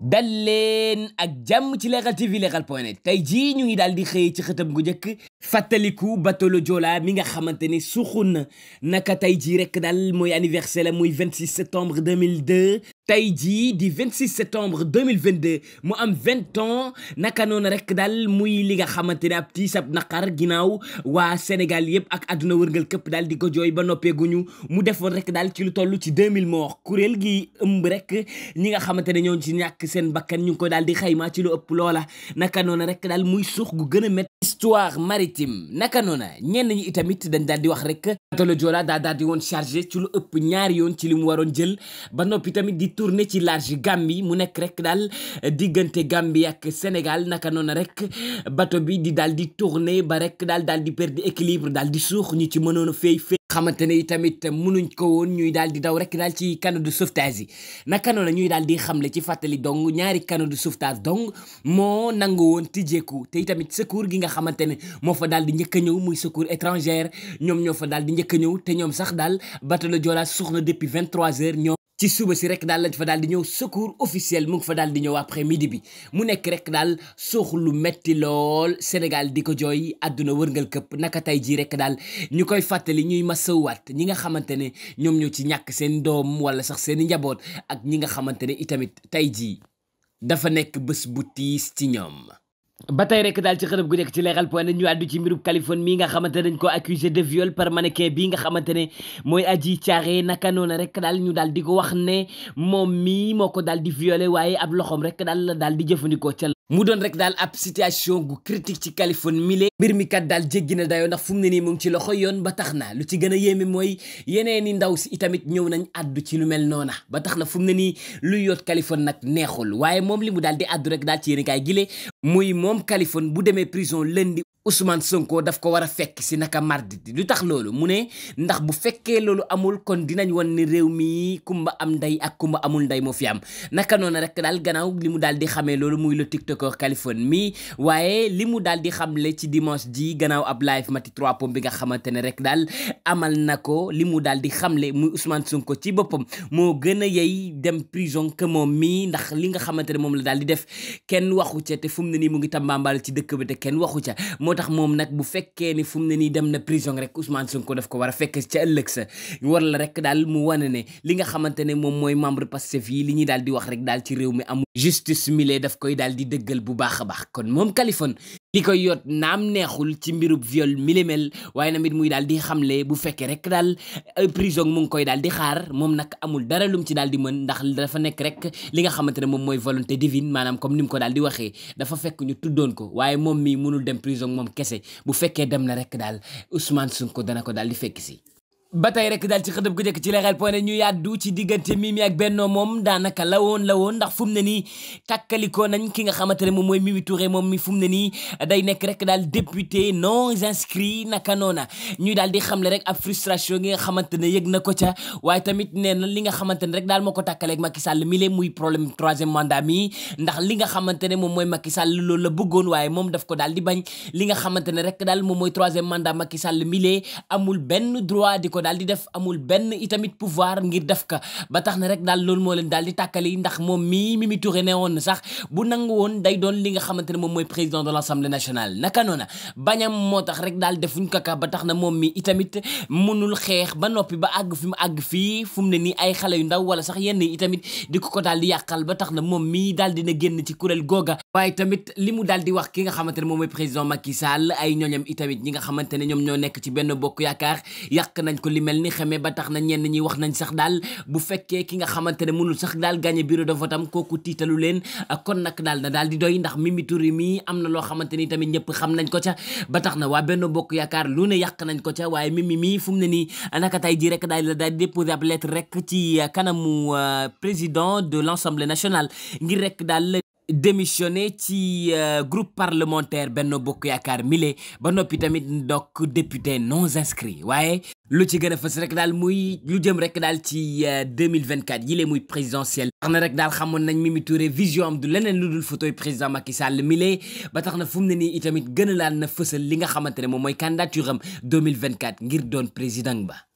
dal ak jàmm ci Leral TV Leral point net tey jii ñu ngi daal di xëy ci xëtam gu njëkk fàttaliku bateau le Joola mi nga xamante ni suxun na naka tey jii rek daal mooy anniversaire la muy 26 septembre 2002 tey jii di 26 septembre 2022 mu am 20 ans naka noonu rek daal muy li nga xamante ne ab tiis ab naqar ginnaaw waa Sénégal yëpp ak àdduna wërngal këpp daal di ko jooy ba ñu mu defoon rek daal ci lu toll ci 2000 morts kuréel gi ëmb rek ñi nga xamante ne ñoo ci ñàkk seen bakkan ñu ngi ko daal di xayma ci lu ëpp loola naka noonu rek daal muy suux gu gën a métti histoire maritime naka noonu ñenn ñi itamit dañ daal di wax rek bateau Joola daa di woon chargé ci lu ëpp ñaari yoon ci li mu waroon jël tourné ci large Gambie mu nekk rek daal diggante Gambie ak Sénégal naka noonu rek bato bi di daal di tourné ba rek daal daal di perdre équilibre dal di suux ñu ci mënoon a fay fay xamante ne tamit mënuñ ko woon ñuy daal di daw rek daal ci canot de sauvetage yi naka noonu ñuy daal di xamle ci fàttali dong ñaari canot de sauvetage dong moo nangu woon tijjeeku te tamit secours gi nga xamante ne moo fa daal di njëkk a ñëw muy secours étrangère ñoom ñoo fa daal di a ñëw ci suba si rek daal lañ fa daal di ñëw secours officiel mu ngi fa dal di ñëw après midi bi mu nekk rekk daal suux lu metti lool Sénégal di ko jooy àdduna wërngal këpp naka tey jii rek daal ñu koy fàttali ñuy masawwaat ñi nga xamante ne ñoom ñoo ci ñàkk seen doom wala sax seen njaboot ak ñi nga xamante ne itamit tey jii dafa nekk bës bu tiis ci ñoom ba tey rek daal ci xërëb gu nekk ci leeral point ñu àddu ci mbirub Kaliphone mii nga xamante dañ ko accusé de viol par mannequin bii nga xamante ne mooy aji caaxee naka noonu rek daal ñu daal di ko wax ne moom mii moo ko daal di violé waaye ab loxoom rek daal la daal di jëfandikoo ca mu doon rek daal ab situation gu critique ci Kaliphone mile mbir mi kat daal jéggi na dayoo ndax fu mu ne nii moom ngi ci loxo yoon ba tax na lu ci gën a yéeme mooy yeneeni ndaw si itamit ñëw nañ addu ci lu mel noona ba tax na fu mu ne nii lu yoot Kaliphone nag neexul waaye moom li mu daal di addu rek daal ci yéen kaay gile muy moom Kaliphone bu demee prison lundi Ousmane Sonko daf ko war a fekk si naka mardi lu tax loolu mu ne ndax bu fekkee loolu amul kon dinañ won ni réew mi kumba am ndey ak kumba amul ndey moo fi am naka noonu rek daal gannaaw li mu daal di xamee loolu muy le TikTok record Californie mi waaye li mu daal di xamle ci dimanche ji gannaaw ab live Mati 3 Pommes nga xamante rek daal amal na ko li mu daal di xamle muy Ousmane ko ci boppam moo gën a yey dem prison que moom mii ndax li nga xamante ne moom la daal di def kenn waxu ca te fu mu ne nii ngi tambaambaalu ci dëkk bi te kenn waxu ca moo tax moom nag bu fekkee ni fu mu ne nii dem na prison rek Ousmane Sonko daf ko war a fekk ca ëllëg ne li nga xamante ne moom mooy membre Pastef yi li ñuy daal di wax rek daal ci réew mi amul justice mile daf koy daal di dëgg jéggal bu baax a baax kon moom Kaliphone li koy yot naam neexul ci mbirub viol milimel waaye namit muy daal di xamle bu fekkee rek daal euh, prison mu ngi koy daal di xaar moom nag amul dara lum ci daal di mën ndax dafa nekk rek li nga xamante ne moom mooy volonté divine maanaam comme ni mu ko daal di waxee dafa fekk ñu doon ko waaye moom mii mënul dem prison moom kese bu fekkee dem na rek daal Ousmane Sonko dana ko daal di fekk si ba tey rek daal ci xëtëb gu njëkk ci leeral point ñu yàddu ci diggante Mimi ak Benno moom daanaka la woon la woon ndax fu mu ne nii tàkkalikoo nañ ki nga xamante ne moom mooy Mimi moom mi fu mu ne nii day nekk rek daal député non inscrit naka na ñuy daal di xamle rek a frustration gi nga xamante ne yëg na ko ca waaye tamit nee na li nga xamante ne rek daal moo ko tàkkaleeg Macky Sall mi muy problème troisième mandat mi ndax li nga xamante ne moom mooy Macky Sall loolu la bëggoon waaye moom daf ko daal di bañ li nga xamante ne rek daal moom mooy troisième mandat Macky Sall mi amul benn droit di ko ko daal di def amul benn itamit pouvoir ngir def ka ba tax na rek daal loolu moo leen daal di tàkkali ndax moom mii Mimi Touré ne woon sax bu nangu woon day doon li nga xamante ne moom mooy président de l'Assemblée nationale naka noona bañam moo tax rek daal defuñ kaka ba tax na moom mi itamit mënul xeex ba noppi ba àgg fi mu àgg fii fu mu ne nii ay xale yu ndaw wala sax yenn itamit di ko ko daal di yàqal ba tax na moom mii daal dina génn ci kuréel googa waaye tamit li mu daal di wax ki nga xamante ne moom mooy président Macky Sall ay ñooñam itamit ñi nga xamante ne ñoom ñoo nekk ci benn bokk yaakaar li mel ni xamee ba tax na ñenn ñi wax nañ sax daal bu fekkee ki nga xamante ne mënul sax daal gagné bureau de vote am kooku tiitalu leen kon nag daal na daal di doy ndax Mimi Touré mi am na loo xamante ni tamit ñëpp xam nañ ko ca ba tax na waa Benno Bokk Yaakaar lu ne yàq nañ ko ca waaye Mimi mii fu mu ne nii naka tey ji rek daal la daal di déposer ab lettre rek ci kanamu euh, président de l'Assemblée nationale ngir rek daal démissionné ci euh, groupe parlementaire Benno Bokk Yaakaar mile ba noppi tamit ndokk député non inscrit waaye lu ci gën a fës rek daal muy lu jëm rek daal ci 2024 yi lee muy présidentielle tax na rek daal xamoon nañ Mimi Touré vision am du leneen lu dul fauteuil président Macky Sall mile ba tax na fu mu ne nii itamit gën laal na fësal li nga xamante ne moom mooy candidature am 2024 ngir doon président ba